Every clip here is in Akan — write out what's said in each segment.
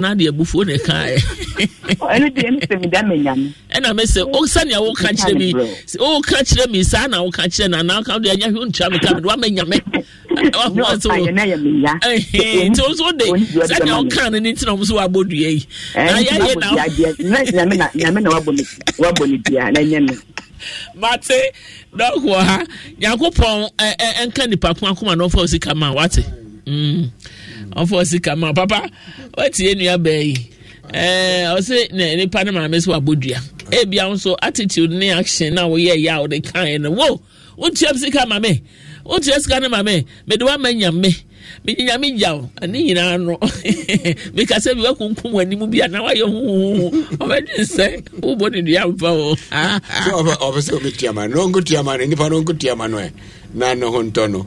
na de abufuo ne ka ɛna me sɛ oh, sɛnea woka kyerɛ mi woka kyerɛ mi saa na woka kyerɛ no anaa woka wode anya ntua me ka mede woamanyame nti wo so wode ne na wo so woabɔ dua yi na yɛyɛ na mate dɔkoɔ ha nyankopɔn ɛnka nnipa ko akoma na ɔfa wo sika ma wate mm. ɔfɔ sika ma papa wɔtie nua bɛɛ yi ɛɛ ɔsɛ na nipa ne maame so abɔ dua ebi ahun attitude ne action na wɔyɛ yɛ a wɔde kan yɛ no wo wotua sika maame wotua sika ne maame mɛde wa ma nyame menyame gyaw ne nyinaa no mekasa bi wakunkum w'anim bi a na wayɛ huhuhu ɔbɛdwe sɛ wobɔ ne dua mfa o ɔpɛ sɛ wobɛtuama no ɔnkɔtuama no nnipa no ɔnkɔtuama no ɛ na ne ho ntɔ no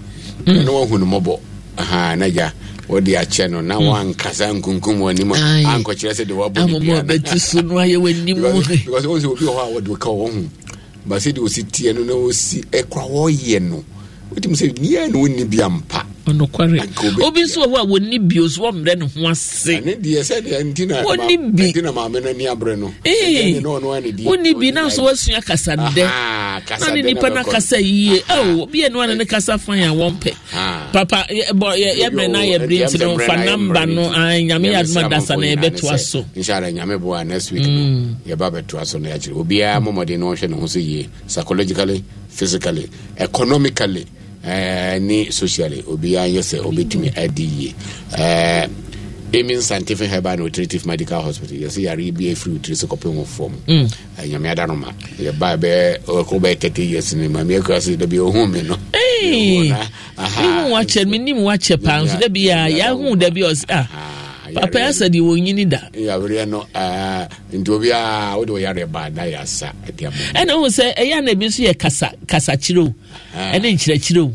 Mm. ɛne wahu no mmɔbɔ na gya wode akyɛ no na mm. wankasa nkunkum w'anim ankɔkyerɛ sɛ de wabɔbɛtu so no wɔ hɔ a wɔde ka wɔ hu ba sɛde ɔsi teɛ no na ɔsi ɛkora wɔyɛ no wotumi sɛ nia na wonni bi ampa ɔnokware obi nso wɔ hɔ a wɔnni bio so wɔmmerɛ ne ho ase wɔnni bi wonni bi na nso woasua kasa dɛ na ne nnipa yie o obi ɛno ane ne kasa fan a wɔmpɛ papa yɛbrɛ no ayɛ bere nti no mfa namba no nyame yɛ dasa na yɛbɛtoa so nhyɛada nyame boa next week no mm. yɛba bɛtoa so no yɛakyerɛ obiara mmɔmmɔden no ɔhwɛ ne ho so yie psychologically physically economically Eh, ni socially obiaa nyɛ sɛ ɔbɛtumi adi yie amin eh, scientific herbal and alternative medical hospital yɛsɛ yare bi afiri e wotiri sɛ kɔpem wo fam mm. eh, nyame ada no ma yɛba bɛɛ bɛyɛ 30 years no mameɛ kura sɛ da bi ɔhu me no mehu wakyɛ menim wakyɛ paa nso da a yɛahu da bi ɔs papa yɛ asa deɛ wɔnyini da yareɛ no nti obiaa wode wɔyare baa na yɛ asa ɛna wo sɛ ɛyɛ ana bi nso yɛ kasa kasakyerɛ o ɛne nkyerɛkyerɛ o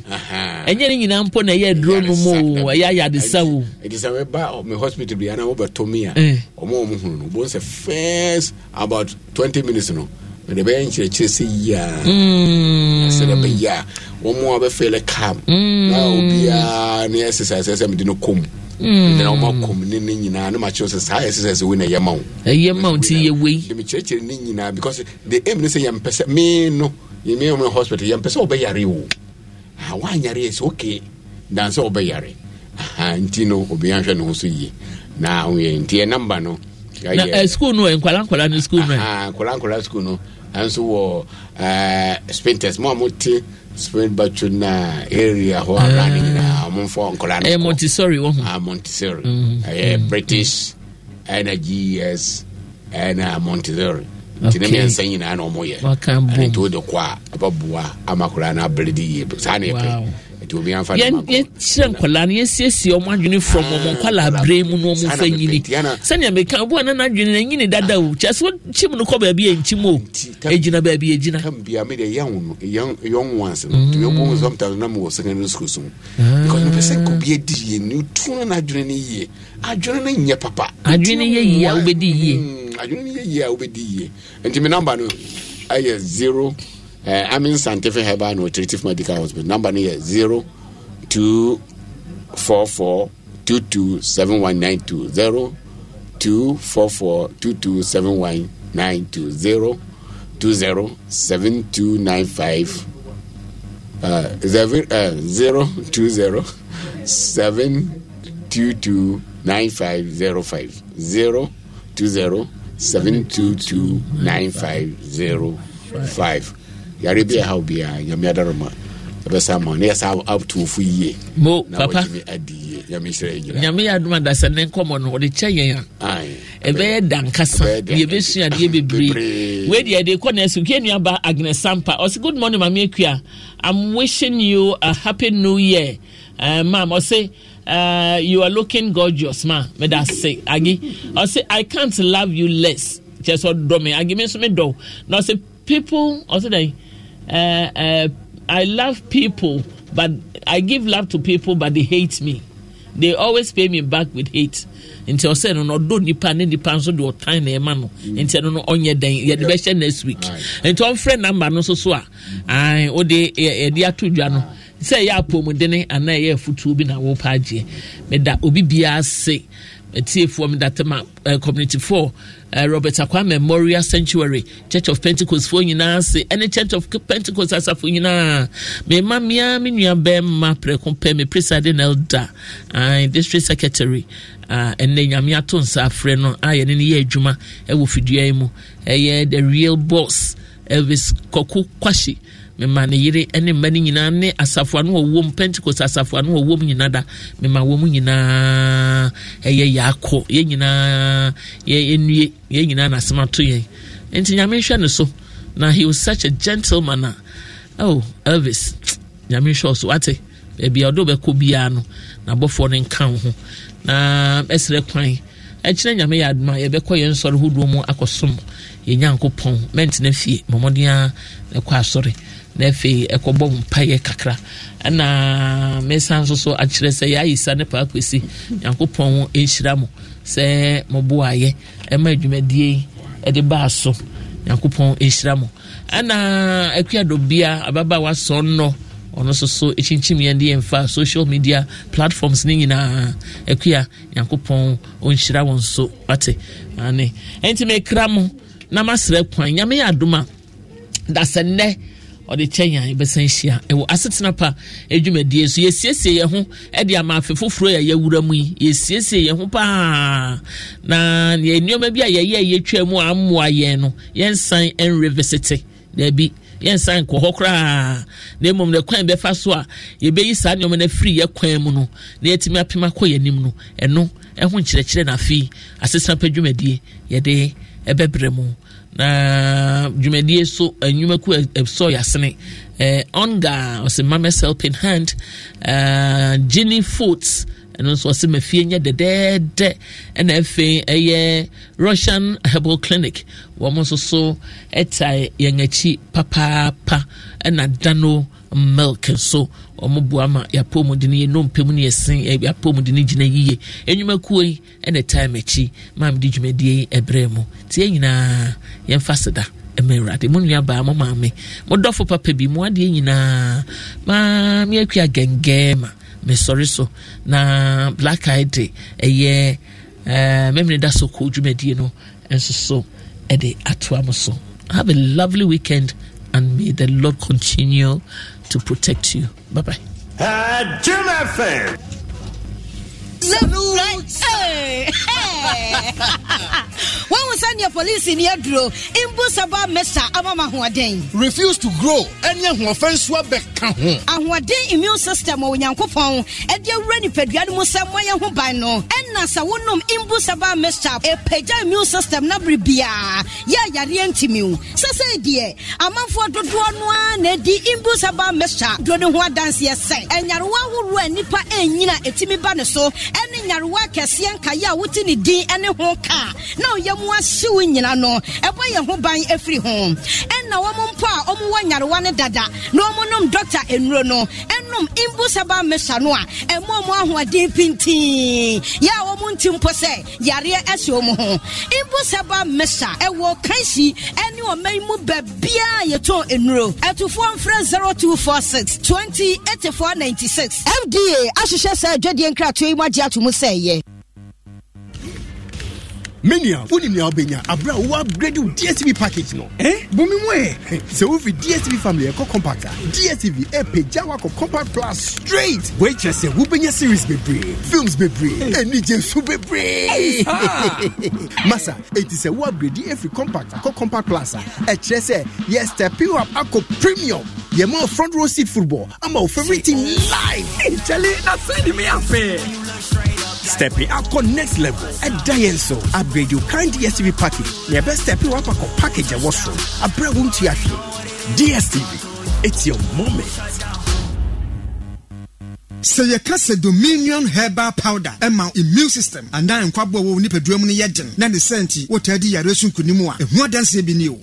ɛnyɛ ne nyinaa mpo na ɛyɛ aduro no mu o ɛyɛ ayadesa o ɛti sɛ wɛba me hospital biana wobɛtɔ me a ɔma wɔ mu hunu no wobɛhu sɛ first about twenty minutes no mede bɛyɛ nkyerɛkyerɛ sɛ yiaa sɛ dɛ bɛyɛ a wɔmmoa wobɛfɛlɛ kam na obiaa ne exercise sɛ mede no kɔmu Mm. nana ɔma kɔmune no nyinaa ne makyerɛ sɛ saa ɛsesɛ sɛ wei na ɛyɛ ma wo ɛyɛ ma wo nti yɛwei mekyerɛkyerɛ ne nyinaa because the aim no sɛ yɛmpɛ sɛ me no yɛmɛmna hospital yɛmpɛ sɛ wobɛyare wo woanyare sɛ okay dan sɛ wobɛyare ah, nti no obia nhwɛ ne ho so yie na woyɛ nti yɛ no eh, school no eh, nkwala nkwala no school no eh. ah, ah, nkwala nkwala school no ɛnso wɔ spinters mo a mote spring battery na area hɔ ara ne nyinaa ɔmomfa nkɔla no montessori wɔ ho ah, montessori ɛyɛ mm-hmm. eh, mm-hmm. british ɛna ges ɛna montessori nti ne miɛnsa nyinaa na ɔmoyɛ nti wode kɔ a ɛbɛboa ama koraa no abere de yie saa ne ɛpɛ yɛkyerɛ nkwadaa no yɛsiesie ɔmo adwene from ah, ɔmo nkwadaa abere mu na ɔmo nfa nyini sani meka obu ana n'adwene na nyini dada o kyɛ so kyim no kɔ baabi a nkyim o egyina baabi egyina. kam bia mi de yɛn yɛn mm. yɛn once no to yɛn bɔ mu sometimes na mu wɔ secondary school so because mi pɛ sɛ ah. kobi edi yie ni tunu na adwene ni yie adwene ne nyɛ papa. adwene yɛ yie a wobɛdi yie. Mm, adwene yɛ yie a wobɛdi yie nti mi namba no ɛyɛ zero. Uh, I mean Scientific Herbal and Alternative Medical Hospital. Number here zero two four four two two seven one nine two zero two four four two two seven one nine two zero two zero seven two nine five. Uh, seven, uh, zero two zero seven two two nine five zero five zero two zero seven two two nine five zero five. yare bi ɛhaw biara nyame adaroma ɛbɛsa ma ne yɛsa atoofo yie mo papa adi yie nyame hyerɛ gyina nyame yɛ adom adasa ne nkɔmmɔ no wɔde kyɛ yɛn a ɛbɛyɛ da nkasa yɛbɛsua adeɛ bebree wei deɛ ɛde kɔ na ɛso kɛ nuaba agnes sampa ɔse good morning mame akua i'm wishing you a happy new year uh, eh, mam ɔse uh, you are looking gorgeous ma meda say agi ɔse i can't love you less Just what do me agi me nso medɔ Now say people ɔse dɛn Uh, uh, I love people, but I give love to people, but they hate me. They always pay me back with hate. nti ɔsɛ no na ɔdɔ nipa ne nipa nso de ɔtan na ɛma no mm. nti ɛno no ɔnyɛ dɛn yɛde bɛhyɛ next week nti ɔmfrɛ namba no nso so a ae wode yɛde ato dwa no sɛ ɛyɛ apɔmudene anaa ɛyɛ afutuo bi na wɔpɛ agyeɛ da obi biara se tiefoɔ m datama uh, eh, community 4 uh, eh, robert akwa memorial sanctuary church of pentecost foɔ nyinaa se ɛne church of pentecost asafo nyinaa mema mea me nua bɛma prɛko pɛ me presiding Elda, uh, district secretary eh, ɛnɛ uh, nyame ato nsa afrɛ no a yɛne no yɛ adwuma ɛwɔ fidua yi mu ɛyɛ the real boss elvis kɔko Kwashi. mema ne yere ne mma no nyinaa ne asafoa no wɔwom pentecost asafoa no wɔwom nyinaa da mema wɔ mu nyinaa ɛyɛ yɛakɔ yɛn nyinaa yɛnue yɛn nyinaa nasɛm ato yɛn nti nyame hwɛ no so na he was such a gentleman a oh elvis nyame hwɛ so wate baabi a ɔde wobɛkɔ biara no nabɔfoɔ no nka wo ho na ɛsrɛ kwan ɛkyerɛ nyame yɛ adoma yɛbɛkɔ yɛn nsɔre hodoɔ mu akɔsom yɛn nyankopɔn mɛntena fie mmɔmmɔden ɛkɔ asɔre na afei ɛkɔbɔ mpaeɛ kakra ɛna mesan nso so akyerɛ sɛ yɛayisa ne paakwesi nyankopɔn ɛnhyira mo sɛ moboayɛ ɛma adwumadie ɛde baa so nyankopɔn ɛnhyira mo ɛna akuadobia ababaawa sɔn nɔ ɔno nso so ɛkyinkyim yɛn de yɛmfa social media platforms ne nyinaa akua nyankopɔn ɔnhyira wɔn so wate ane ɛnti mekra mo na masrɛ kwan nyame yɛ adom a dasɛnnɛ ɔde kyɛ yan bɛsan hyia ɛwɔ asetena pa adwumadie so yɛsiesie yɛn ho ɛde ama afe foforɔ yɛ yɛwura mu yi yɛsiesie yɛn ho paa na yɛn nneɛma bi a yɛyɛ yɛtwa mu amoa yɛn no yɛnsan ɛnrevisite daabi yɛnsan nkɔ hɔ koraa na mmom na kwan bɛfa so a yɛbɛyi saa nneɛma no afiri yɛ kwan mu no na yɛtumi apem akɔ yɛn anim no ɛno ɛho nkyerɛkyerɛ na afei asetena pa adwumadie yɛde ɛbɛbrɛ mu na uh, dwumadie so uh, nnwuma ku ɛsɔ uh, yasene ɛɛ onga ɔsɛ mama's helping hand ɛɛ jenny foods ɛno nso ɔsɛ mafie nyɛ dɛdɛɛdɛ ɛna afei ɛyɛ russian herbal clinic wɔn nso so ɛtae yɛn akyi papaapa ɛna dano milk nso wɔn bu ama yɛapɔ mu de no yɛ nnompem no yɛsen yɛapɔ mu de no gyina yie enyimakuo yi ɛna time akyi maame de dwumadie yi ɛbrɛ mu te yɛn nyinaa seda ɛma awurade mo nua baa mo maame mo dɔfo papa bi mo adeɛ nyinaa maame akua gɛngɛɛ ma mesɔre so na black eye de ɛyɛ ɛɛ mɛmine da so kɔ dwumadie no nso ɛde atoa mo so have a lovely weekend and may the lord continue. to protect you. Bye bye. Uh, Jim FM. Salute. When was on your police in your draw? In Busaba Mesa Amama Huaden. Refuse to grow. Any offense Wabek. And what day immune system or Yankopon. And your ready pediadum Samoya Hubano. And Nasa Wunum in Busaba Mesa. A pedia immune system Nabribia. Ya Yarientimu. Sasa, dear. A man for the one one. Di in Busaba Mesa. Don't know what dance yes. And ɛne nyarewa kɛseɛ nkaeɛ a wote ne din ne ho ka na ɔyɛ mu ahye nyina no ɛbɔ yɛn ho ban afiri ho ɛnna wɔn mpo a wɔwɔ nyarewa no dada na wɔnom dɔkta nnuro no ɛnom imbusaba mmesa no a ɛmo ɔmo ahoɔden pintin yɛ a wɔn nti mpo sɛ yareɛ ɛhyɛ wɔn ho imbusaba mmesa ɛwɔ kansi ɛne ɔman mu baabiara yɛtɔn nnuro ɛtufoɔ mfrɛ zero two four six twenty eighty four ninety six fda ahyehyɛ sɛ adwadeɛ nkratoe mu agye ato menia wonim nea wobɛnya aberɛ a wowɔ upgrade wo dstv package no eh? bomi mu ɛ sɛ wofi dstv family ɛkɔ compact a dstv ɛpagya wakɔ compact class straight woakyerɛ sɛ wobɛnya series bebree films bebree anigye nso bebree masa ɛti sɛ wo upgrade ɛfiri compact akɔ compact class a ɛkyerɛ sɛ yɛ step you up akɔ premium yɛma wo front row seat football ama wo favorite team live ɛkyɛle na sɛne me afɛ stepping akɔ next level ɛda yɛn so upgrade your current dstv package your best ɛbɛ stepping wɔ akɔkɔ package ɛwɔ so abrɛ wo ntua hwee dstv it's your moment sɛ yɛka sɛ dominion herbal powder ma immune system anaa nkwaboa wɔ nipadua mu no yɛ den na ne sɛ nti wotaa di yare so nkonim a ɛho adanseɛ bi ne o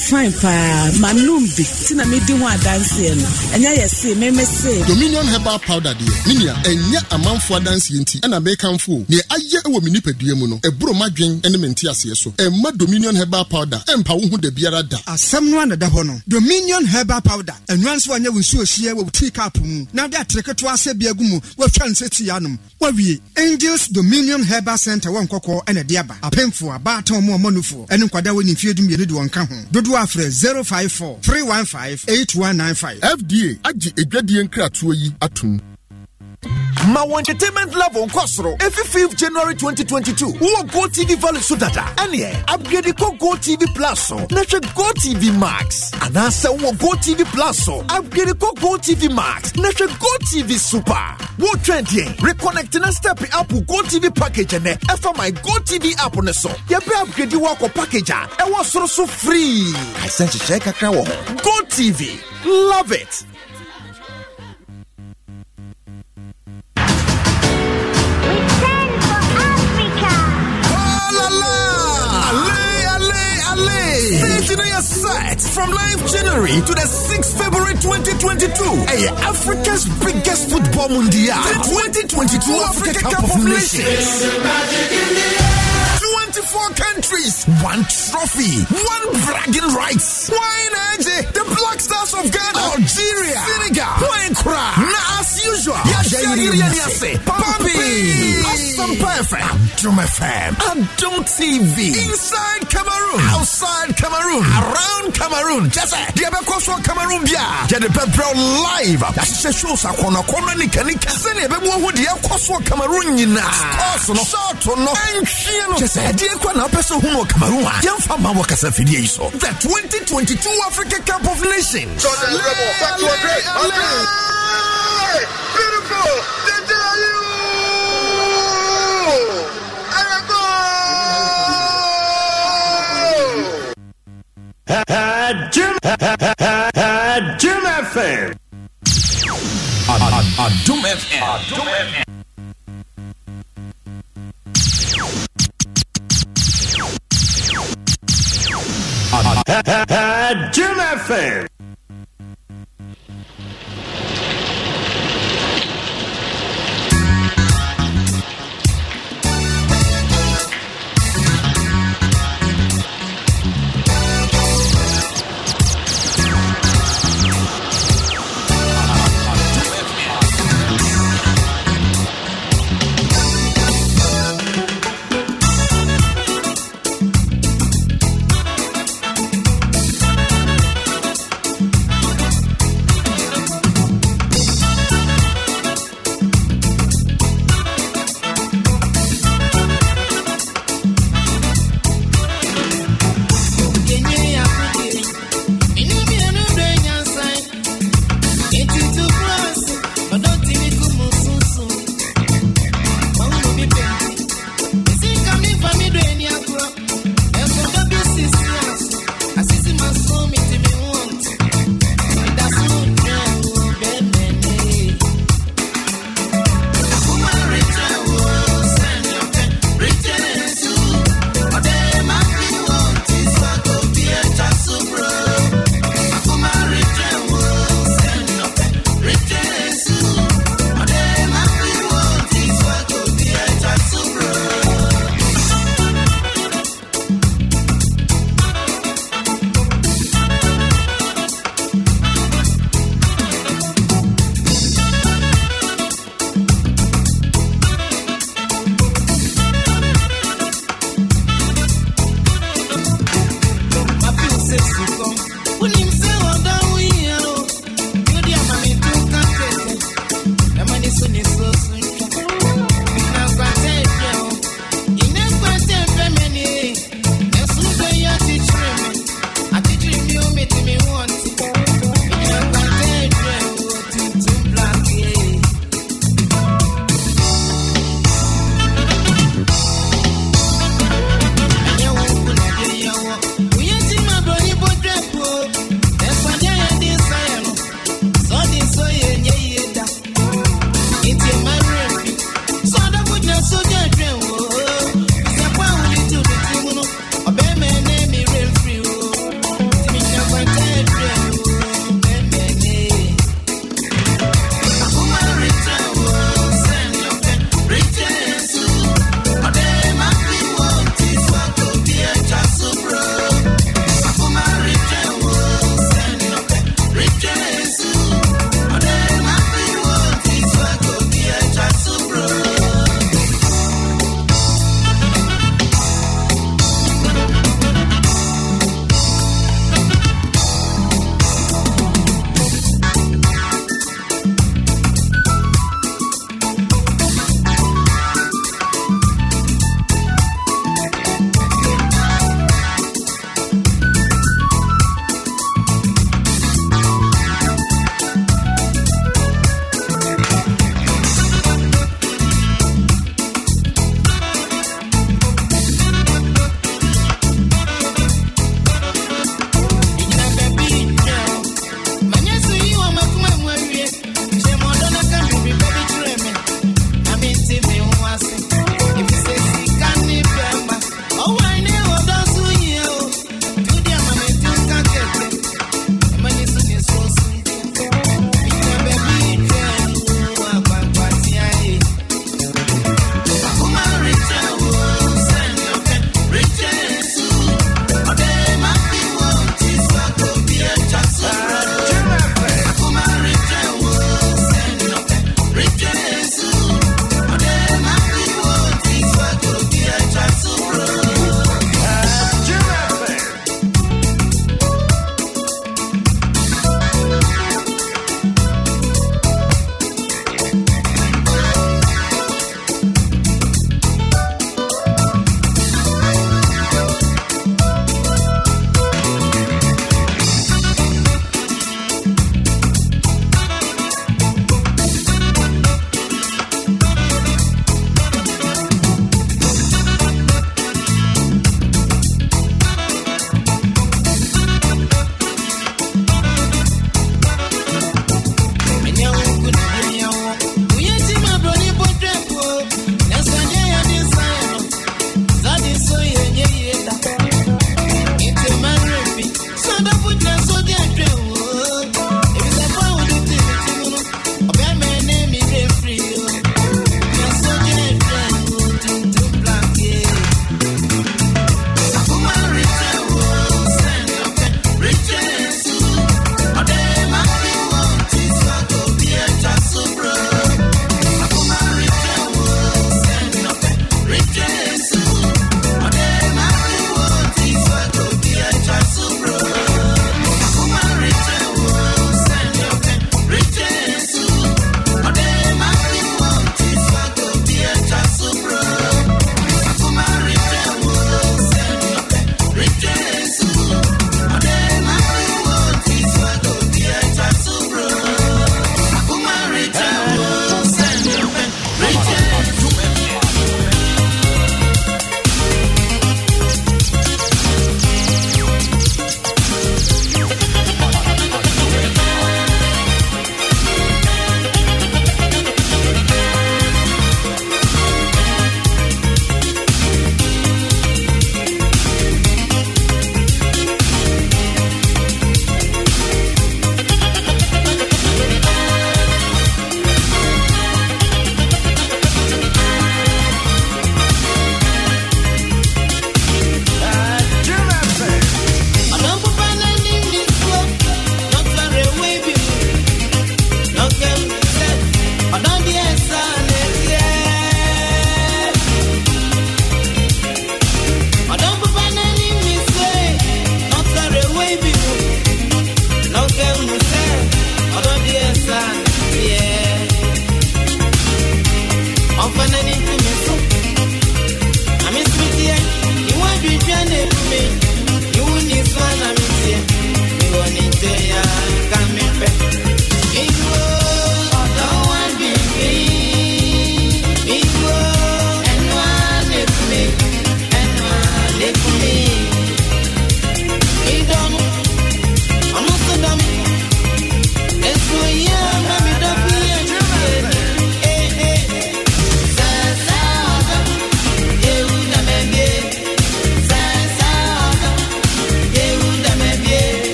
fine paa manom bi nti na medi ho adanseɛ no ɛnyɛ yɛ see meme see dominion herbal powder deɛ ne nua ɛnyɛ amanfoɔ adanseɛ nti ɛna mekamfo o neɛ ayɛ wɔ me nipadua mu no ɛboro madwen ne me nte aseɛ so ɛmma dominion herbal powder ɛmpa wo ho da biara da asɛm no anada hɔ no dominion herbal powder ɛnoa nso anyɛ wo nsuo hyiɛ wɔ tea cup mu na wode atere ketewa sɛ ankasa bi agu mu wɔatwa nsa ti anom wɔawie angels dominion herbal center wɔ nkɔkɔɔ ɛna de aba apemfo abaatan ɔmo ɔmɔnufoɔ ɛne nkwadaa wɔne mfeɛ dumienu de wɔn ka ho dodoɔ afrɛ one nine five. fda agye adwadie nkratoɔ yi Atum ma wɔn entertainment level nkɔ soro efi fifth january twenty twenty two wɔ go tv valley so dada ɛnìyɛ abiyadi kɔ go tv plus so n'ahwɛ go tv max anaasɛ wɔ go tv plus so abiyadi kɔ go tv max n'ahwɛ go tv super wɔ trend yɛn reconnect na step app go tv package nɛ ɛfa my go tv app ne so yɛbɛ abiyadi wɔ akɔ package a ɛwɔ soro so free. àìsàn ṣiṣẹ́ kakra wɔ hɔ go tv love it. set from 9th January to the 6th February 2022. A Africa's biggest football mundial. The 2022 Africa, Africa Cup of Nations. 24 countries, one trophy, one bragging rights. Why in eh? The Black Stars of Ghana, Algeria, Senegal, Wankra. Now, as usual, Yashagirianiase, Pampi, Awesome Perfect, Adum FM, Adum TV, Inside Cameroon, Outside Cameroon, Around Cameroon, Jesse, Diabekoswa Cameroon Bia, Jadepepro Live, That's the shows I want to come and Kanika, Senebe, who Diabekoswa Cameroon, Yina, Short, no, and Shino kyerɛ sɛ ɛdeɛ kɔ na wopɛ sɛ ohunu wɔ cameroon a yɛmfa ma wɔ kasa fidie yi so the 2022 africa cup of nations so Beautiful! Did you? Jim, Jim FM. Adum FM. Adum FM. Jim FM.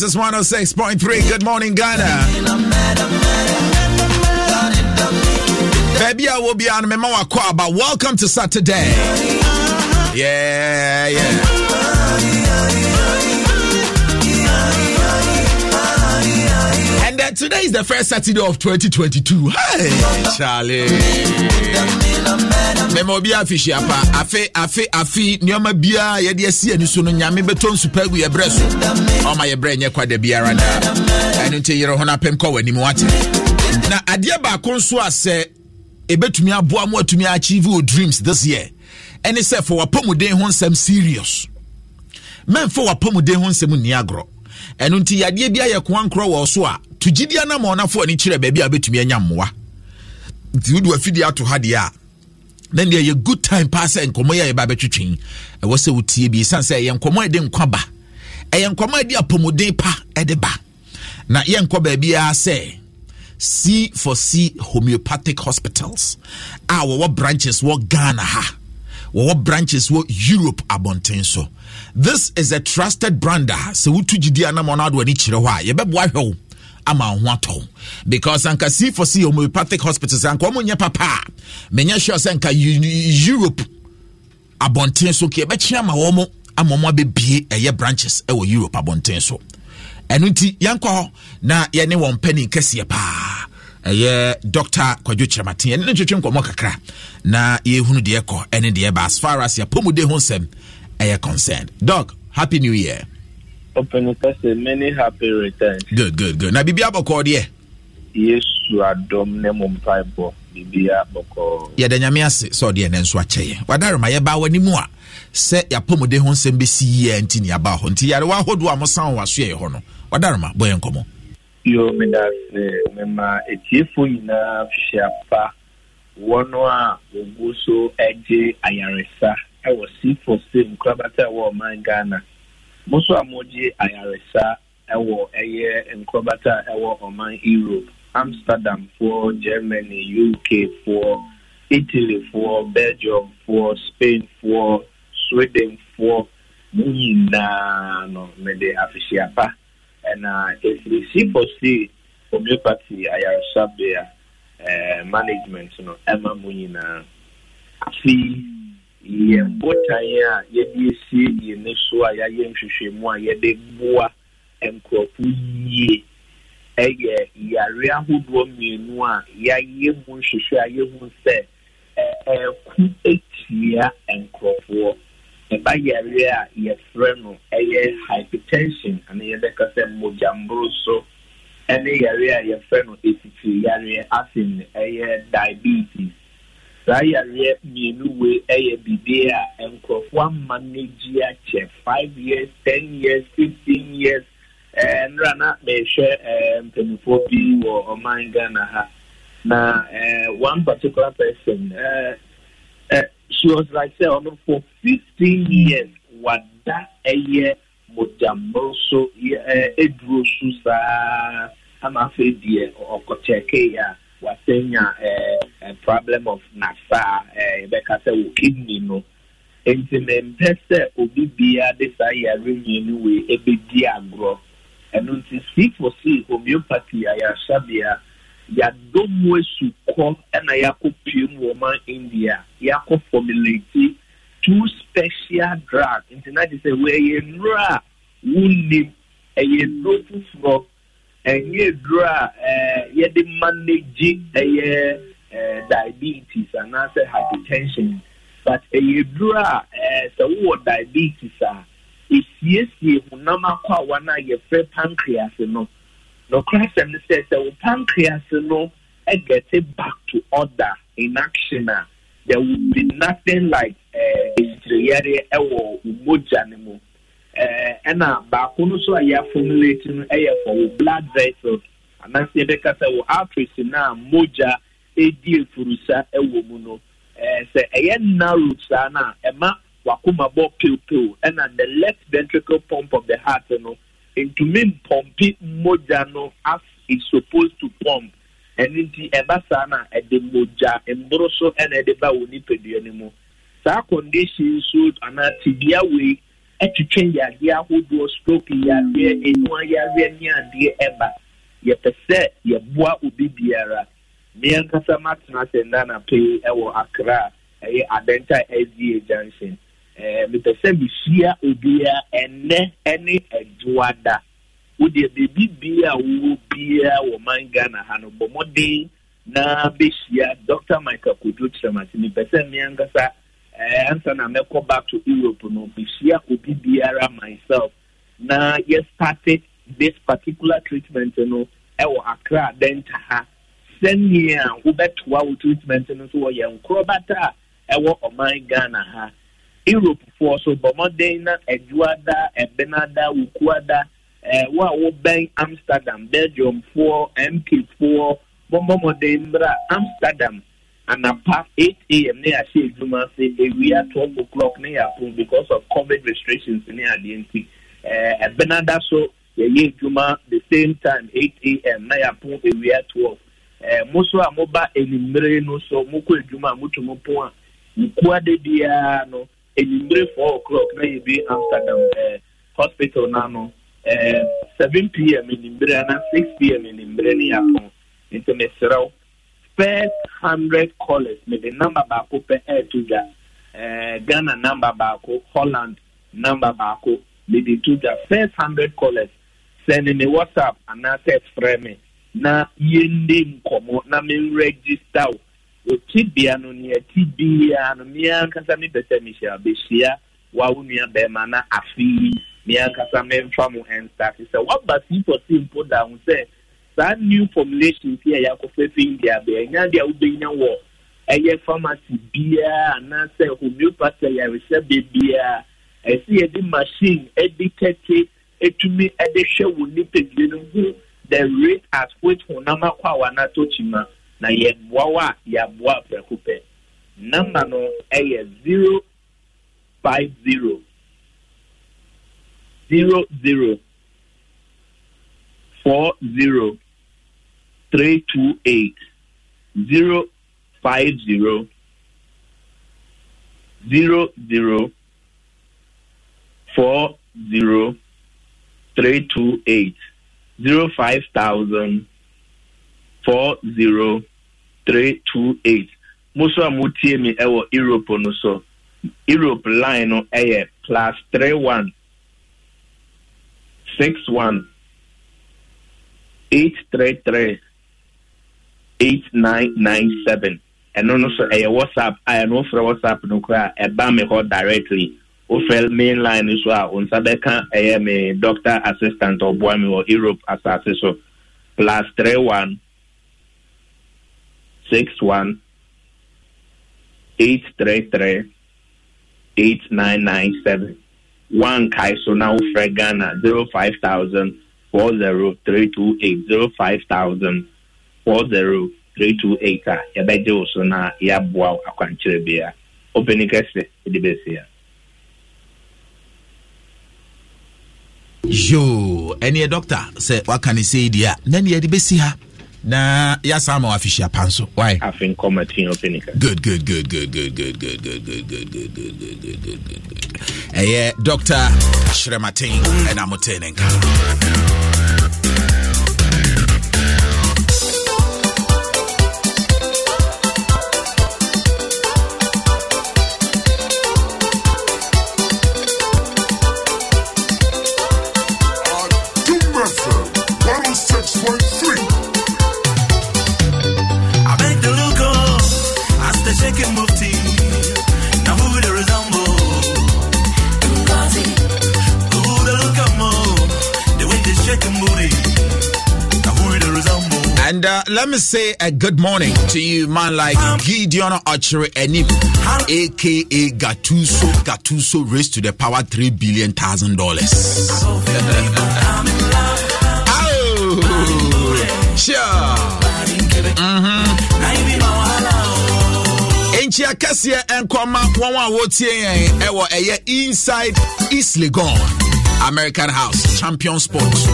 This is 106.3. Good morning, Ghana. Baby, I will be on Memo Aqua, but welcome to Saturday. Yeah, yeah. today is the first Saturday of 2022. Hey, Charlie. Mema obi afihyia afi afe afe afi nneɛma biara yɛde asi ani so no nyame bɛtɔ nsupa agu yɛbrɛ so ɔma yɛbrɛ nyɛ kwa da biara daa ɛno nti yerɛ ho no apem kɔ w'anim wate na adeɛ baako nso a sɛ ɛbɛtumi aboa mo atumi achieve your dreams this year ɛne for fa wapɔmuden ho nsɛm serious memfa wapɔmuden ho nsɛm nni agorɔ ɛno nti yadeɛ bi ayɛ koa nkorɔ wɔ so a to gyidia no ma ɔnafo ani kyerɛ baabi a wobɛtumi anya mmoa nti wode afidie ato ha deɛ a na deɛ yɛ good time paa sɛ nkɔmmɔ yi a yɛba bɛtwetwen ɛwɔ sɛ wotie bi ɛsiane sɛ ɛyɛ nkɔmmɔ ɛde nkwa ba ɛyɛ nkɔmmɔ ɛde apɔmuden pa ɛde ba na yɛnkɔ baabiara sɛ c for c homeopathic hospitals a wɔwɔ branches wɔ ghana ha wɔwɔ branches wɔ europe abɔnten so this is a trusted brand a sɛ wotu gyidi anam ɔno adeɛ ani kyerɛ hɔ a yɛbɛboa hwɛ wo ama ho atɔ because anka c4c homeopathic hospitals anka wɔn nyɛ papa a menyɛ sure sɛ anka europe abɔnten so kɛ yɛbɛkye ama wɔn ama wɔn abɛbie ɛyɛ branches ɛwɔ europe abɔnten so ɛno nti yɛnkɔ hɔ na yɛne wɔn mpanin kɛseɛ paa ɛyɛ dr kwadwo kyerɛmaten ɛne ne ntwetwe nkɔmmɔ kakra na yɛhunu deɛ kɔ ɛne deɛ ba as far as yɛapɔmude ho nsɛm ɛyɛ concerned doc happy new year ɔpɛnokasɛ many happy returns good good good na biribia bɔkɔɔ deɛ yesu adom ne mo mpaebɔ biribia bɔkɔɔ yɛda nyame ase sɛ ɔdeɛ ne nso akyɛeɛ wadarema yɛbaa w'anim a sɛ yɛapɔmude ho nsɛm bɛsi yia nti ne yɛbaa hɔ nti yarewa ahodoɔ a mosan wɔasoɛɛ hɔ no wadarema bɔyɛ nkɔmmɔ yo medase mema etiefo nyinaa fhyɛ pa wɔn a wɔgu so gye ayaresa ɛwɔ sifo se nkorabata ɛwɔ ɔman ghana mo nso a mogye ayaresa ɛwɔ ɛyɛ nkorabata ɛwɔ ɔman europe amsterdam foɔ germany uk foɔ italy foɔ belgium foɔ spain foɔ sweden foɔ mo nyinaa no mede afihyiapa ɛna efiri for se homeopathy ayaresa bea ɛɛ management no ɛma mo nyinaa afei. yɛ botan a yɛde esie yɛn ni so a yɛayɛ nhwehwɛmu a yɛde boa nkurɔfo yie ɛyɛ yare ahodoɔ mmienu a yɛayɛ mu nhwehwɛ a yɛhu sɛ ɛɛko e, etia nkurɔfoɔ ɛba yare a yɛfrɛ no ɛyɛ hypertension ana yɛbɛka sɛ mogyamboro so ɛne yare a yɛfrɛ no etitiri yare asin ɛyɛ diabetes. saa yareɛ mmienu wei yɛ biribi a nkurɔfoɔ ama no gyi akyɛ five years ten years fifteen years nnora na mehwɛ mpanimfoɔ bi wɔ ɔman ghana ha na one particular person she was like sɛ ɔno for fifteen years wada ɛyɛ mogyamoro so ɛduro so saa ama afei deɛ ɔkɔkyɛkee a wasenya eh, eh, problem of nasa yɛbɛka eh, sɛ wo kidney no nti mempɛ sɛ obi bia de saa yare mmienu wei ɛbɛdi agorɔ ɛno nti c for c homeopathy a yɛahyɛbea yɛadɔ mu asu kɔ ɛna yɛakɔpue mu wɔ man india yɛakɔ formulate two special drugs. nti na gye sɛ wɔɛyɛ nnuro a wonnim ɛyɛ nnuro foforɔ ɛnyɛ duro a eh, yɛde manage ɛyɛ eh, eh, diabetes anaasɛ hypertension but ɛyɛ duro a sɛ wowɔ diabetes a ah, esiesie honam akɔ a wɔn a yɛfrɛ pancreas no nɔkora sɛm no sɛ sɛ wo pancreas no ɛgɛte back to order in action a ah. there will be nothing like esireyɛre ɛwɔ mogya no mu. Eh, ɛna baako no so a yɛaformulate no yɛ for wo blood vessels anaasɛ yɛbɛka sɛ wo arteries no a mogya ɛdi afurusa wɔ mu no eh, sɛ ɛyɛ narrow saa no a ɛma wakomabɔ pewpew ɛna the left ventricle pump of the heart no ntumi mpɔmpe mogya no as is supposed to pump ɛno nti ɛba saa no a ɛde mogya mboro so ɛna ɛde ba wɔ nipadua no mu saa condition so anaa tibia wei ɛtwitwe yareɛ ahodoɔ stroke yareɛ enua mm. yareɛ ne adeɛ ɛba yɛpɛ sɛ yɛboa obi biara mmea nkasa tena sɛ nna anapɛyi ɛwɔ akra a ɛyɛ adɛnta sda junction ɛɛ mepɛ sɛ mehyia obiara ɛnɛ ɛne ɛdwoada wodeɛ beebi bia wowɔ biara wɔ man ghana ha no bɔ mmɔden na bɛhyia dr michael kodo kyerɛmase mepɛ sɛ mmea nkasa ɛnsa na mɛkɔ back to europe no mehyia obi biara myself na yɛstarte this particular treatment no ɛwɔ accra dɛnta ha sɛnea uh, wobɛtoa uh, oh, eh, wo treatment no nso wɔyɛ nkorɔbata a ɛwɔ ɔman ghana ha europefoɔ so bɔmmɔden na adwuada ɛbenada wokuada ɛwɔ a wobɛn amsterdam belgiumfoɔ mkfoɔ bɔmmɔden mmra amsterdam anapa 8 a.m. ne yɛahyɛ adwuma ase ewia 12 o'clock ne yɛapo because of covid restrictions ne adeɛ nti ɛbɛn ada so yɛyɛ adwuma the same time 8 a.m. na yɛapo ewia 12 ɛɛ mo so a moba enimire no so mokɔ adwuma a moto mo pon a nkuade biara no enimire 4 o'clock na yɛbi amsterdam ɛɛ hospital No. ɛɛ 7 p.m. enimire ana 6 p.m. enimire ne yɛapo nti mesrɛw first hundred callers mede number baako pɛ ɛɛto eh, dwa ɛɛ eh, ghana number baako holland number baako mede to dwa first hundred callers send me whatsapp and na text frɛ me na yɛnde nkɔmmɔ na register. O ɔkyi bea no ni akyi eh, biaa no mi nkasa me pɛ sɛ mehyia bɛhyia wa wo nua bɛrima na afei mea nkasa memfa mo ɛnstate sɛ woaba sii fɔ sii mpo da ho sɛ saa new formulation ti a yɛakɔfa fi india bɛ ɛnya deɛ wobɛnya wɔ ɛyɛ pharmacy biara anaasɛ homeopathy yaresɛ beebiara ɛsɛ yɛde machine ɛde tɛte ɛtumi ɛde hwɛ wɔ nipa bie no ho the rate at which honam akɔ a wanatɔ kyima na yɛboa wɔ a yɛaboa prɛko pɛ namba no ɛyɛ zero five zero zero zero four zero three two eight zero five zero zero zero four zero three two eight zero five thousand four zero three two eight mo sọ a mo tie mi ɛwɔ europe no so europe line no ɛyɛ plus three one six one eight three three. eight nine nine seven ɛno no so ɛyɛ whatsapp I ɛno for whatsapp no koraa ɛba me hɔ directly ofrɛ main line no so a wo nsa bɛka ɛyɛ me doctor assistant ɔboa me wɔ europe asase so plus three one six one eight three three eight nine nine seven one kai so na ofrɛ ghana zero five thousand four zero three two eight zero five thousand four zero three two eight a yɛbɛgye wo so na yɛaboa wo akwankyerɛ bia ɔpɛni kɛsɛ ɛde bɛsi yo ɛneɛ dɔkta sɛ waka ne sɛi deɛ a na neɛ de bɛsi ha na yɛasan ma wafihyia pa nso good good good good good good good good good good good good good good good good good ɛyɛ dɔkta hyerɛmaten ɛna mote ne nka And uh, let me say a good morning to you, man, like Gideon Archery Enim, aka Gatuso. Gatuso raised to the power three billion thousand dollars. oh, sure. Mm-hmm. Enchi akɛseɛ nkɔma wɔn a wɔtie yɛn ɛwɔ ɛyɛ inside east legon american house champion sports.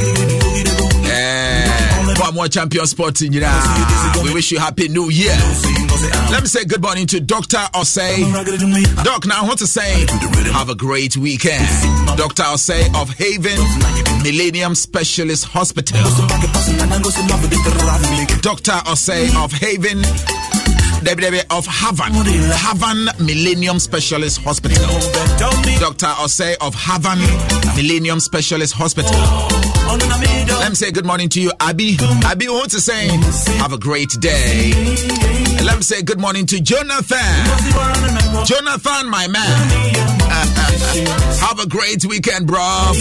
Eh for more champion sports in Yira. We wish you happy new year. Let me say good morning to Dr. Osei. Doc, now I want to say have a great weekend. Dr. Osei of Haven Millennium Specialist Hospital. Dr. Osei of Haven of Havan, Havan Millennium Specialist Hospital. Dr. Osei of Havan Millennium Specialist Hospital. Let me say good morning to you, Abby. Abby, what's to say? Have a great day. let me say good morning to Jonathan. Jonathan, my man. Have a great weekend, bro.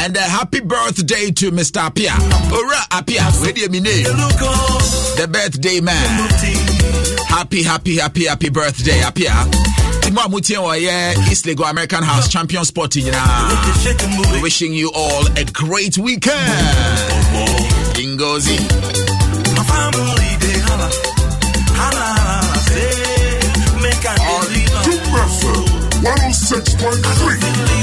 And a happy birthday to Mr. Apia. Hurrah, Apia, The birthday man. Happy, happy, happy, happy birthday, Apia mo a motie wɔyɛ east lego american house champion sport now. Uh, wishing you all a great weekend ingozi oh six point three.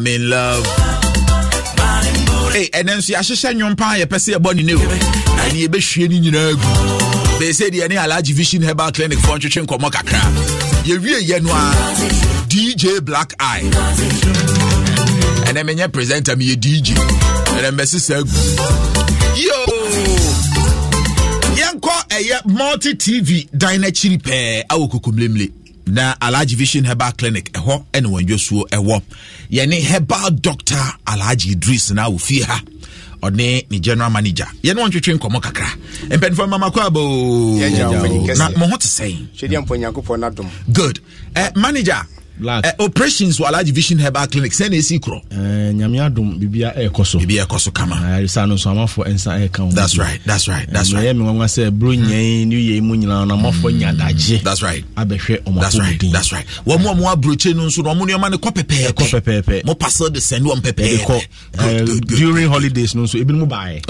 I'm in love. Hey, and then ɛnɛ nso yɛahyehyɛ nnwompa a a yɛpɛ sɛ yɛbɔ ne ne o ɛne yɛbɛhwie no nyinaa They bɛɛsɛ "The ne large vision herbal clinic fɔ ntwetwe nkɔmmɔ kakra yɛwie yɛ no a dj black eye And ɛnɛ menyɛ presenter a dj And then saa said, yo yɛnkɔ ɛyɛ eh, multi tv dan no akyiri pɛɛ awɔ kokomlemle na alhaji vision herbal clinic ɛhɔ ɛna wɔn adwasuo ɛwɔ yɛne herbal doctor alhaji idris na ofie ha ɔne ne general manager yɛne wɔntwetwe nkɔmmɔ kakra mpanimfoɔ mama kɔ aboo na mo ho te sɛn good eh, manager uh, operations wɔ alhaji vision herbal clinic sɛ na ɛsi korɔ nyame adom biribia ɛɛkɔ so biribia ɛkɔ so kama eh, sa no nso amafoɔ ɛnsa ɛɛka ho that's right that's right that's eh, right ɛyɛ me nwanwa sɛ bro nyɛn ne yɛ mu nyinaa no amafoɔ hmm. nya adagye that's right abɛhwɛ ɔmo that's right that's right wɔn mu ɔmo aburokye no nso no ɔmo nneɛma no kɔ pɛpɛɛpɛ kɔ pɛpɛɛpɛ mo parcel de send wɔn pɛpɛɛpɛ during holidays nso ebinom baayɛ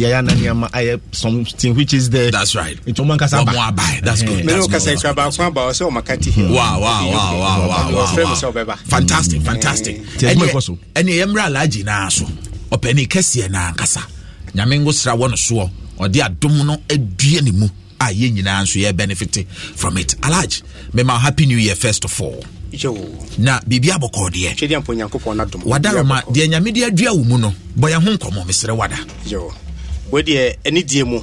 ayɛ ana nneɛma that's good. Mene okasa ekura baako aba ɔsɛ ɔmakati hill. Wow wow wow wow wow wow. Ɔfrɛ mi sɛ ɔbɛba. Fantastic fantastic. Ɛni ɛni ɛmira alaaji naa so ɔpɛni kɛseɛ naa nkasa nyame ngo sra wɔ no soɔ ɔde adom no adue ne mu a yɛn nyinaa So yɛ benefit from it. Alaaji mema happy new year first of all. na biribi abɔkɔ deɛ wadaroma deɛ nyame de adua wo mu no bɔyɛ ho nkɔmmɔ mesrɛ wada wedeɛ ɛne die mu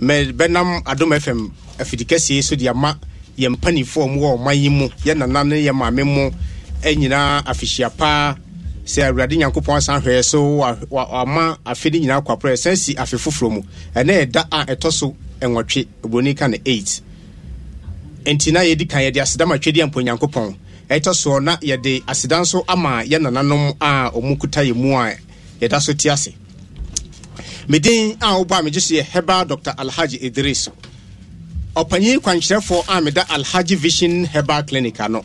mebɛnam adom fm afidi kɛseɛ so de ama yɛn mpanimfoɔ mu wɔ ɔman yi mu yɛn nana ne yɛn maame mu nyinaa afihyia paa sɛ awurade nyankopɔn asan hwɛɛ so wama afe no nyinaa kwaporɛ san si afe foforɔ mu ɛnɛ ɛda a ɛtɔ so ɛnwɔtwe oburoni ka no 8 enti na yɛdi kan yɛde asedam atwɛdi ampo nyankopɔn ɛtɔ soɔ na yɛde aseda nso ama yɛ nananom a ɔmu kuta yɛ mu a yɛda so te ase medin a wobɔ a megye so yɛ heba dr Alhaji idris ɔpanyin kwankyerɛfoɔ a meda alhaji vision herbal clinic ano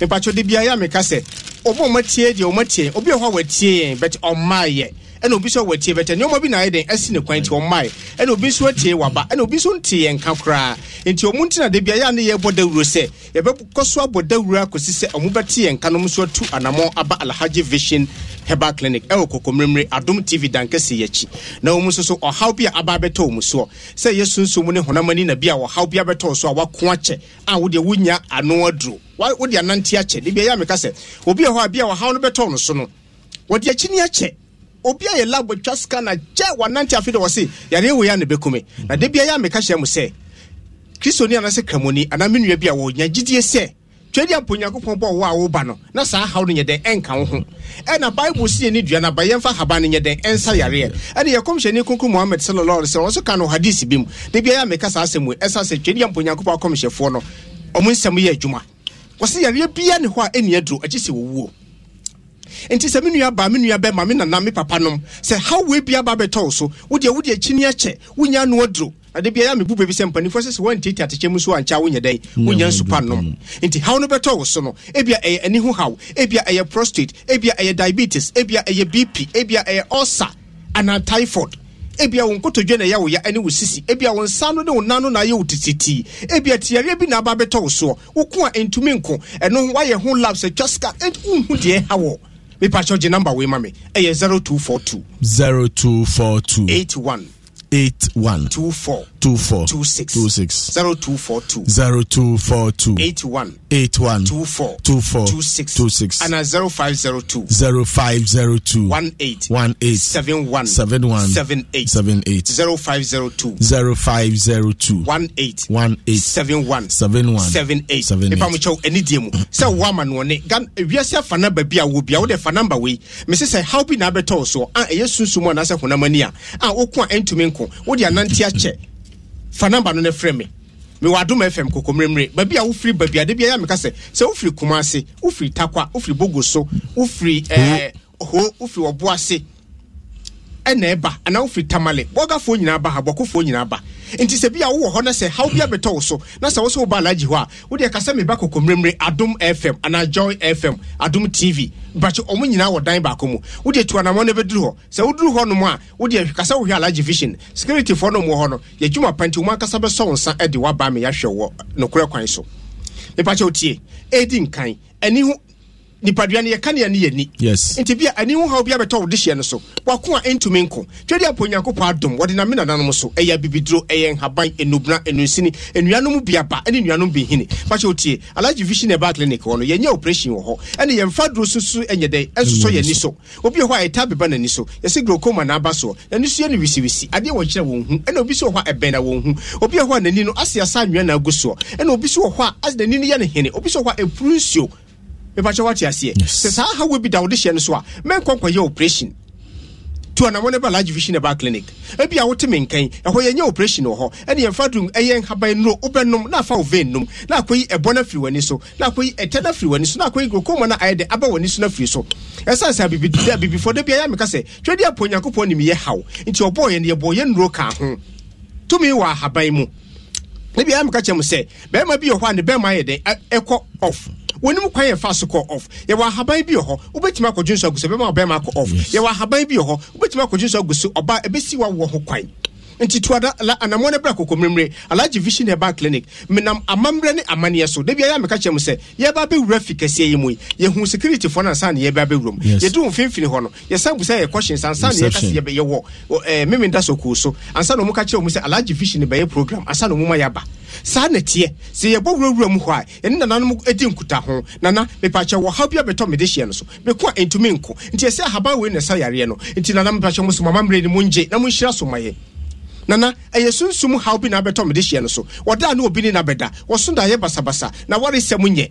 mepatwɛ de biara meka sɛ obi a wɔmatie deɛ wɔmatie obi a hɔ a watie yɛn but ɔmmaayɛ ɛna obi nso wɔtie bɛtɛ nneɛma bi na ayɛ den ɛsi ne kwan nti wɔn mmae ɛna obi nso tie waba ɛna obi nso ntie yɛn nka koraa nti wɔn ntina de bi ayɛ a ne yɛbɔ dawuro sɛ yɛbɛkɔ so abɔ dawuro akɔsi sɛ wɔn bɛte yɛn nka no nso atu anamɔ aba alhaji vision herbal clinic ɛwɔ kɔkɔmmerɛmmerɛ adom tv dankɛse yɛkyi na wɔn nso so ɔhaw bi a aba abɛtɔ wɔn soɔ sɛ yɛ sunsun mu ne honam ani na bi a ɔhaw bi abɛtɔ so a wako akyɛ a wodeɛ wonya ano aduro wode anante akyɛ ne bi ayɛ a meka sɛ obi a hɔ a bi a ɔhaw no bɛtɔ no so no wɔde akyi ne akyɛ obi a yɛ lab twa scanner gyɛ wanante afei de wɔse yare wei a ne bɛkume na da bia yɛ a meka hyɛ mu sɛ kristoni anaasɛ kramoni anaa me nua bi a wɔnya gyidie sɛ twɛdi ampo nyankopɔn bɔ wo a woba no na saa haw no nyɛ dɛn ɛnka wo ho ɛna bible si yɛni dua no aba yɛmfa haba no nyɛ dɛn ɛnsa yareɛ ɛne yɛkɔmhyɛne kronkro mohamad sallallahu alaihi wasallam ɔso ka no hadis bi mu da bia yɛ a meka saa asɛm mu ɛsa sɛ twɛdi ampo nyankopɔn akɔmhyɛfoɔ no ɔmo nsɛm yɛ adwuma wɔse yareɛ bia ne hɔ a ɛnia duro agye sɛ wɔwuo nti sɛ me nua baa me nua bɛma me nana me papa nom sɛ haw wei bia ba bɛtɔw so wodeɛ wode akyini akyɛ wonya ano aduro ade biara mebu baabi sɛ mpanifoɔ sɛ sɛ woantiati atekyɛ mu so ankyɛ wonyɛ dɛn wonya nsupa nom nti haw no bɛtɔ wo so no ebia ɛyɛ ani ho haw ebia ɛyɛ prostate ebia ɛyɛ diabetes ebia ɛyɛ bp ebia ɛyɛ ulcer anaa typhoid ebia wo nkotodwe na ɛyɛ wo ya ne wo sisi ebia wo nsa no ne wo nan no na ayɛ wo tititii ebia tiareɛ bi na aba bɛtɔ wo soɔ wo ko a ɛntumi nko ɛno woayɛ ho labs atwa sika wonhu deɛ ha wɔ mepatwɛ gye number wei ma me ɛyɛ 0242 0242 81 81 24 two four two six two six zero two four two zero two four two eight one eight one two four two four two six two six and zero five zero two zero five zero two one eight one eight seven one seven one seven eight seven eight zero five zero two zero five zero two one eight one eight seven one seven one seven eight bi a wo bia wo fa number wei me sɛ haw bi na abɛtɔ a ah, ɛyɛ sunsum a nasɛ honamani a a ah, woku ɛntumi nko wode anante akyɛ fa namba no na frɛ me mewɔ adom fm kɔkɔmmerɛmmerɛ baabi a wofiri baabi ade biara meka sɛ sɛ wofiri kuma ase wofiri takwa wofiri bogo so wofiri hmm. eh, ho wofiri ɔbo ase ɛna ɛba anaa wofiri tamale bɔgafoɔ nyinaa ba ha bɔkofoɔ nyinaa ba nti sɛ bi a wowɔ hɔ na sɛ haw bi abɛtɔ wo so na sɛ wo sɛ alagye hɔ a wode ɛka sɛ meba kɔkɔmmerɛmmerɛ adom fm anaa joy fm adom tv bakye ɔmo nyinaa wɔ dan baako mu wode tuanammɔ no bɛduru hɔ sɛ woduru hɔ nom a wode kasa wohwɛ alagye vision securityfoɔ no mwɔ hɔ no yɛadwuma pa nti woma ankasa bɛsɔ wo nsa de woaba me yɛahwɛ wɔ nokorɛ kwan so mepakyɛ wotie ɛdi nkan ɛni ho nipadua no yɛka ne yɛne yɛni nti bia ani ho haw bi abɛtɔ wo dehyeɛ no so wako a ɛntumi nko twɛde apa onyankopɔn adom wɔde name nananom so ɛyɛ abibiduro ɛyɛ nhaban ɛnubena ɛnusini nnuanom bi aba ne nnuanom bi hini makyɛ wotie alagye vision ɛba clinic hɔ no yɛnyɛ operation wɔ hɔ ɛne yɛmfa duro susu ɛnyɛ dɛn ɛnsosɔ yɛni so obi hɔ a ɛta beba n'ani so yɛsɛ glaucoma na aba soɔ n'ani so yɛ no wisiwisi adeɛ wɔ kyerɛ wɔn hu ɛna obi so wɔ hɔ a obi hɔ no ase asa anwea na agu soɔ ɛna obi so wɔ hɔ a n'ani no yɛ nsuo mepakyɛ wate aseɛ sɛ saa ha wɔ bi da wode hyɛ no so a mɛnkɔ nkɔyɛ operation to anamɔ ne ba large vision ba clinic ebi a wote me nkɛn ɛhɔ yɛnyɛ operation wɔ hɔ ɛne yɛmfa dum ɛyɛ nhaban nnuro wobɛnom na afa wo vein nom na akɔyi ɛbɔ no afiri w'ani so na akɔyi ɛtɛ no afiri w'ani so na akɔyi kurokoma no ayɛ dɛ aba w'ani so no afiri so ɛsiane sɛ abibifoɔ da biayɛ meka sɛ twɛde apo onyankopɔn nimyɛ haw nti ɔbɔɔyɛ no yɛbɔɔ yɛ nnuro ka ho tumi wɔ ahaban mu ne biayɛ meka kyɛ m sɛ bɛrima bi yɛ hɔ a ne bɛrima ayɛ dɛn ɛkɔ off wɔnim kwan yɛfa so kɔ off yɛwɔ ahaban bi wɔ hɔ wobɛtumi akɔgye nso agu so bɛma ɔbɛma akɔ off yɛwɔ ahaban bi wɔ hɔ wobɛtumi akɔgye nso agu so ɔbaa ɛbɛsi wa wɔ ho kwan nti tuada anamɔ ne bra kɔkɔmmerɛmmerɛ alagye vision herbal clinic menam amammerɛ ne amanneɛ so da biara meka kyerɛ mu sɛ yɛba bɛwura fi kɛseɛ yi mu yɛhu securityfoɔ no ansa ne yɛba bɛwura mu yɛdu wo mfimfini hɔ no yɛsan bu sɛ yɛ questions ansa ne yɛka sɛ yɛbɛyɛwɔ memenda sɛ koo so ansa na ɔmu ka kyerɛ mu sɛ alagye vision bɛyɛ program ansa na ɔmu ma yɛaba saa na teɛ sɛ yɛbɔ wurawura mu hɔ a ɛne nananom di nkuta ho nana mepakyɛ wɔ haw bi bɛtɔ mede hyeɛ no so meko a ɛntumi nko nti ɛsɛ ahaban wei na ɛsa yareɛ no nti nana mepakyɛ mu so mamammerɛ ne mu ngye na monhyira so ma yɛ nana ɛyɛ sunsum haw bi na abɛtɔ mede hyeɛ no so obi na nabɛda wɔso da yɛ basabasa na waresɛm nyɛ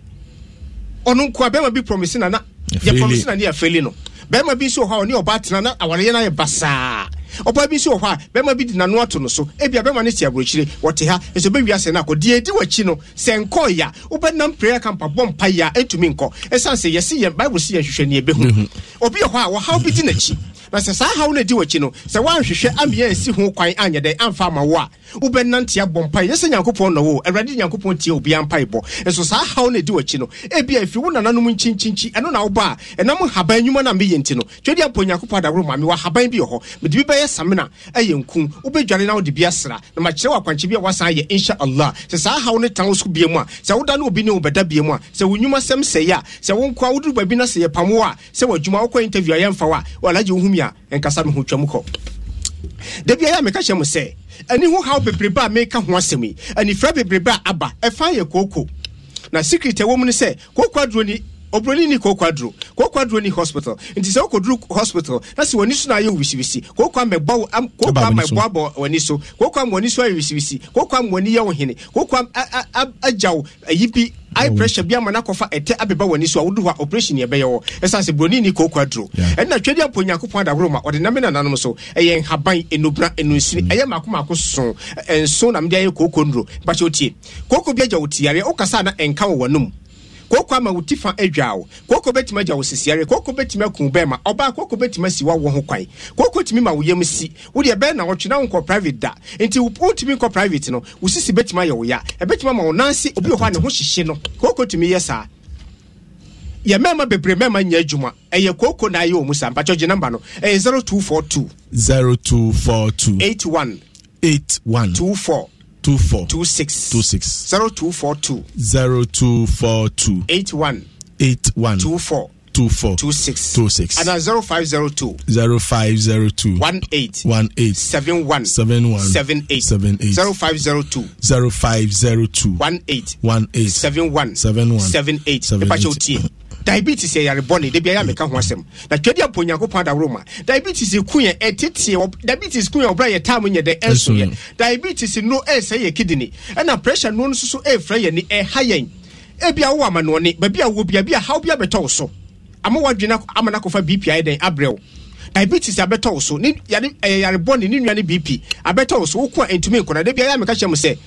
ɔno nkoa bɛrima bi promise na na yɛ promise na ne yɛfeli no bɛrima bi nso wɔ hɔ a ɔne ɔba atena na awareyɛ no basaa ɔbaa bi nso wɔ hɔ a bɛrima bi na n'ano ato no so ebia bɛrima no aburokyire wɔte ha nso bɛwi asɛ akɔ deɛ edi no sɛ prayer camp abɔ mpa nkɔ sɛ yɛsi yɛn bible si yɛn hwehwɛ mhm. di na sɛ saa haw no adi w'akyi no sɛ woanhwehwɛ amea ansi ho kwan anyɛ dɛn amfa ama wo a wobɛnante abɔ mpae yɛ sɛ nyankopɔn nɔwo awurade nyankopɔn tie obia mpaebɔ nso saa haw no adi w'akyi no ebia ɛfiri wo nananom nkyinkyinkyi ɛno na woba a ɛnam haban nnwuma no a meyɛ nti no twɛdi apɔ nyankopɔn adaworo ma me wɔ haban bi wɔ hɔ mede bi bɛyɛ samena ɛyɛ nkum wobɛdware na wode bi asra na makyerɛ wɔ akwankye bi a woasan yɛ inshallah sɛ saa haw no tan wo so bia mu a sɛ woda ne obi ne wo bɛda bia mu a sɛ wo nnwuma sɛm sɛe a sɛ wo nkoa woduru baabi no sɛ yɛpamo a sɛ wɔadwuma wokɔ interview a yɛmfa wo a wɔalagye wohumi me a ɛnkasa me ho twam kɔ da bia yɛ a meka kyerɛ mo sɛ ɛne ho haw bebrebe a meka ho asɛm yi anifra bebrebe a aba ɛfa yɛ kooko na secret ɛwɔ mu ni sɛ kooko aduro ni obroni ni kɔkɔ aduro kɔkɔ aduro ni hospital nti sɛ ɔkɔduru hospital na sɛ wɔn ni so na ayɛ wisibisi kɔkɔ amɛbɔ kɔkɔ amɛbɔ abɔ wɔn ni so kɔkɔ am wɔn ni so ayɛ wisibisi kɔkɔ am wɔn ni yɛ wɔhene kɔkɔ am agyaw ayi bi high pressure bi ama n'akɔfa ɛtɛ abeba wɔn ni so a operation yɛ bɛyɛ wɔ ɛsan se broni ni kɔkɔ aduro ɛnna twɛdi apɔ nyankopɔn adahoro ma ɔde nami nananom so ɛyɛ nhaban enubra enusiri ɛyɛ maako maako so ɛnso nam de ayɛ kɔkɔ nduro bàtɛ otie kɔkɔ bi agya otiareɛ ɔkasa na ɛnka wɔ wɔn nom kooko ama wo ti fa adwa wo kooko betumi agya wo sisiare kooko betumi akun bɛrima ɔbaa kooko betumi asi wa wo ho kwan kooko tumi ma wo yam si wo deɛ bɛn na wɔtwe na nkɔ private da nti wo tumi nkɔ private no wo sisi betumi ayɛ wo ya ebetumi ama wo nansi obi wɔ hɔ a ne ho hyehye no kooko tumi yɛ saa yɛ mmarima bebree mmarima nyɛ adwuma ɛyɛ kooko na ayɛ wɔ saa mpatwɛ gye namba no ɛyɛ zero two four two. zero two four two. eight one. eight one. two four. two four two six two six zero two four two zero two four two eight one eight one two four two four two six two six and zero five zero two zero five zero two one eight one eight seven one seven one seven eight seven eight zero five zero two zero five zero two one eight one eight seven one seven one seven eight seven eight. diabetes yɛ yare bɔne de bi ayɛ ameka ho asɛm na twɛde apɔ onyankopɔn adaworo ma diabetes ku yɛ ɛteteɛ diabetes ku yɛ ɔbrɛ yɛ taa nyɛ dɛ ɛnso yɛ diabetes no ɛsɛ yɛ kidini, ɛna pressure no nso so ɛfrɛ yɛ ni ɛha yɛn ebi awo amanoɔne baabi awo bi abi ahaw bi abɛtɔ so ama wadwene ama na akɔfa bp ayɛ dɛn abrɛw diabetes abɛtɔ wo so ne yare ɛyɛ bɔne ne nua ne bp abɛtɔ wo so wokɔ a ntumi nkɔ na de bi ayɛ ameka kyɛ mu sɛ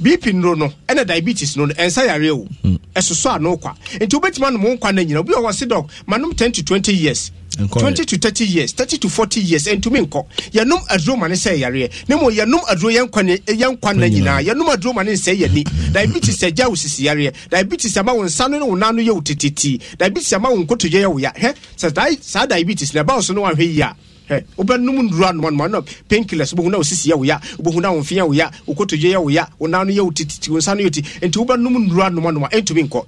bp nnuro no ɛna diabetes no no ɛnsa yare o hmm. ɛsoso ano kwa nti wobɛtumi anom nkwa no nyina obi wɔ se dɔk manom 10 to 20 years 20 to 30 years 30 to 40 years ɛntumi nkɔ yɛnom aduro ma ne sɛ yareɛ ne mu yɛnom aduro yɛnkwa no nyinaa yɛnom aduro ma ne nsɛ yɛni diabetes agya wo sisi yareɛ diabetes ama wo nsa no ne wo nan no yɛ wo tetetee diabetes ama wo nkotoyɛ yɛ wo ya hɛ sɛ saa diabetes na ɛba wo so no woahwɛ yi a wobɛnom nduro anoanoa na penkiles wobɛhu na wo sisiɛ wo ya wobɛhu na wo mfea wo ya wo kotodwe yɛ wo ya wo nan no yɛ wo tititi wo nsa no yɛ enti wobɛnom nduro anoanoa ɛntumi nkɔ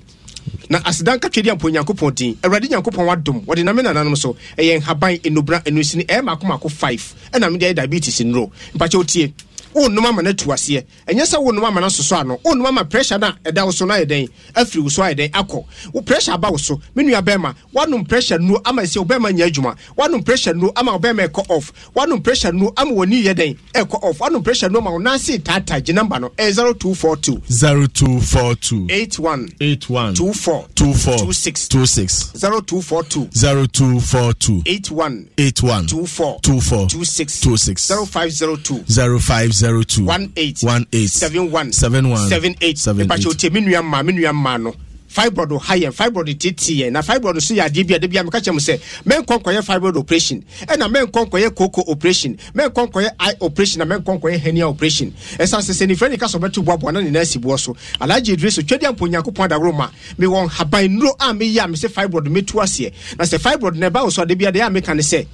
na aseda nka twɛdi ampo nyankopɔn din awurade nyankopɔn wadom wɔde name nananom so ɛyɛ nhaban enubra enusini ɛyɛ maakomaako 5 ɛna mede ayɛ diabetes nnuro mpakyɛ wotie wonnom ama no atu aseɛ ɛnyɛ sɛ wonnom ama no sosɔ ano wonnom ama pressure no a ɛda wo so no ayɛ dɛn afiri wo so ayɛ dɛn akɔ wo pressure aba wo so me nua bɛrima woanom pressure nuo ama ɛsɛ wo bɛrima nya adwuma woanom pressure nuo ama wo bɛrima ɛkɔ off woanom pressure nuo ama w'ani yɛ dɛn ɛkɔ off woanom pressure nuo ma wo nanse taataa gye number no ɛyɛ 0242 0242 81 81 24 24 26 26 0242 0242 81 81 24 24 26 0502 0502 zero two one eight one eight seven one seven one seven eight seven eight nípa tí o tẹ mi nua no fibroid ha yɛ fibroid tete yɛ na fibroid nso yɛ adeɛ bi a de bi a meka kyerɛ mo sɛ mɛnkɔ nkɔyɛ fibroid operation ɛna mɛnkɔ nkɔyɛ koko operation mɛnkɔ nkɔyɛ eye operation na mɛnkɔ nkɔyɛ hernia operation ɛsan sɛ sɛnifɛ ne kasa ɔbɛto boaboa na ne nan si boɔ so alagye idris otwadi ampo nyankopɔn adaworo ma mewɔ nhaban nnuro a meyɛ a mesɛ fibroid metu aseɛ na sɛ fibroid na ɛba wo so ade bi a deɛ a meka ne sɛ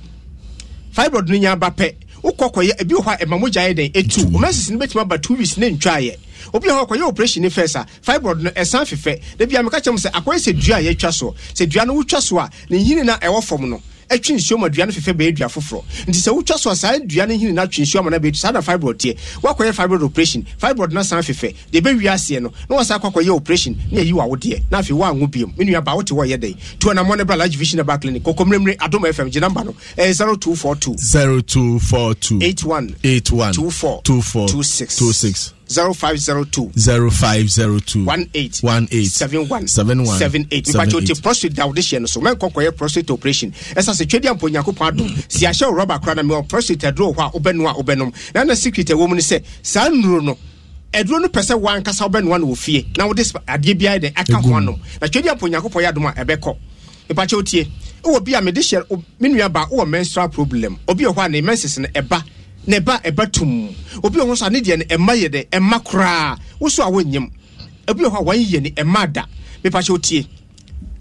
fibroid no nya aba pɛ wokɔ kɔyɛ ebi wɔ hɔ a ɛma mogya yɛ den etu omesis no betuma ba two weeks ne ntwa yɛ obi wɔ hɔ kɔyɛ operation ne fɛs a fibroid no ɛsan fɛfɛ ebi a meka kyerɛ mo sɛ akɔyɛ sɛ dua a yɛtwa soɔ sɛ dua no wotwa so a ne yini na ɛwɔ fam no atwi nsuo ma dua no fɛfɛ bɛyɛ dua foforɔ nti sɛ wotwa so a saa dua no hini no atwe nsuo ama no bɛyɛ saa na fibroid teɛ woakɔyɛ fibroid operation fibroid no asan fɛfɛ deɛ ɛbɛwie aseɛ no na wasan akɔkɔyɛ operation ne ayi wɔ awodeɛ na afei woanwo biom me nua ba wote hɔ yɛ dɛn to anammɔ no bra large vision aba clinic kɔkɔmmerɛmmerɛ adom fm gye namba no ɛyɛ 0242 0242 81 81 24 24 26 26 0502 0502 18 18 71 71 78 mpatsɛ o te prostate da o de hyɛ no so mɛnkɔ kɔyɛ prostate operation ɛsɛ sɛ twɛdi ampo nyankopɔn adom si ahyɛ o rɔba kora na mɛ wɔ prostate aduro hɔ a wobɛnu a wobɛnom na na secret ɛwɔ mu ne sɛ saa nnuro no ɛduro no pɛ sɛ wankasa wobɛnoa no wɔ fie na wode adeɛ biara de aka ho anom na twɛdi ampo nyankopɔn yɛ adom a ɛbɛkɔ mpatsɛ o tie wowɔ bi a mede hyɛ me nua ba wowɔ menstrual problem obi wɔ hɔ a ne menses no ɛba na ɛba ɛbɛtum obi wɔ hɔ so a ne deɛ no ɛma yɛ dɛ ɛma koraa woso a wonyam obi wɔ hɔ a wanyɛ ni ɛma da mepakyɛ otie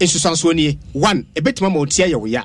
nsusansoɔ nie one ɛbɛtumi ama otie ayɛ wo ya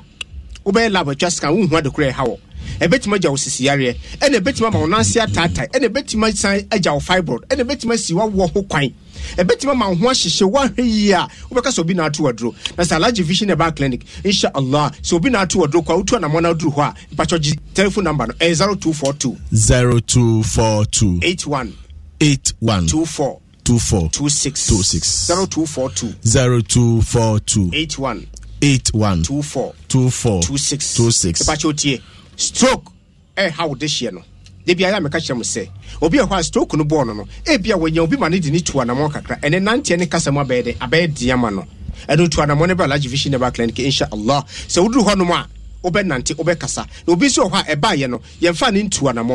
wobɛyɛ lab atwa sika wohu adekora ɛha wɔ ɛbɛtumi agya wo sisiyareɛ ɛna ɛbɛtumi ama wo nanse ataataa ɛna ɛbɛtumi san agya wo fibroid ɛna ɛbɛtumi asi woawoɔ ho kwan ɛbɛtumi ma ho ahyehyɛ woahwɛ yie a wobɛka sɛ obi naato waduro na sɛ alagye vision ɛba clinic inshallah sɛ obi naato waduro kɔ a wotu anammɔ no aduru hɔ a mpakyɛ gye telephone number no ɛyɛ 0242 0242 81 81 24 24 26 26 0242 0242 81 81 24 24 26 26 ɛpakyɛ otie stroke ɛɛha wo de hyeɛ no ebi ayé ameka kyerɛ mu sɛ obi ɛhɔ a stroke no bɔɔl no no ebi a wɔnyɛ obi ma ne de ne tu anamɔ kakra ɛne nanteɛ ne kasa mu abɛyɛ dɛ abɛyɛ diɛ ma no ɛno tu anamɔ ne ba alagye vision ne ba clinic insha allah sɛ woduru hɔ nom a wobɛnante kasa, na obi nso wɔ hɔ a ɛbaayɛ no yɛmfa ne ntu anamɔ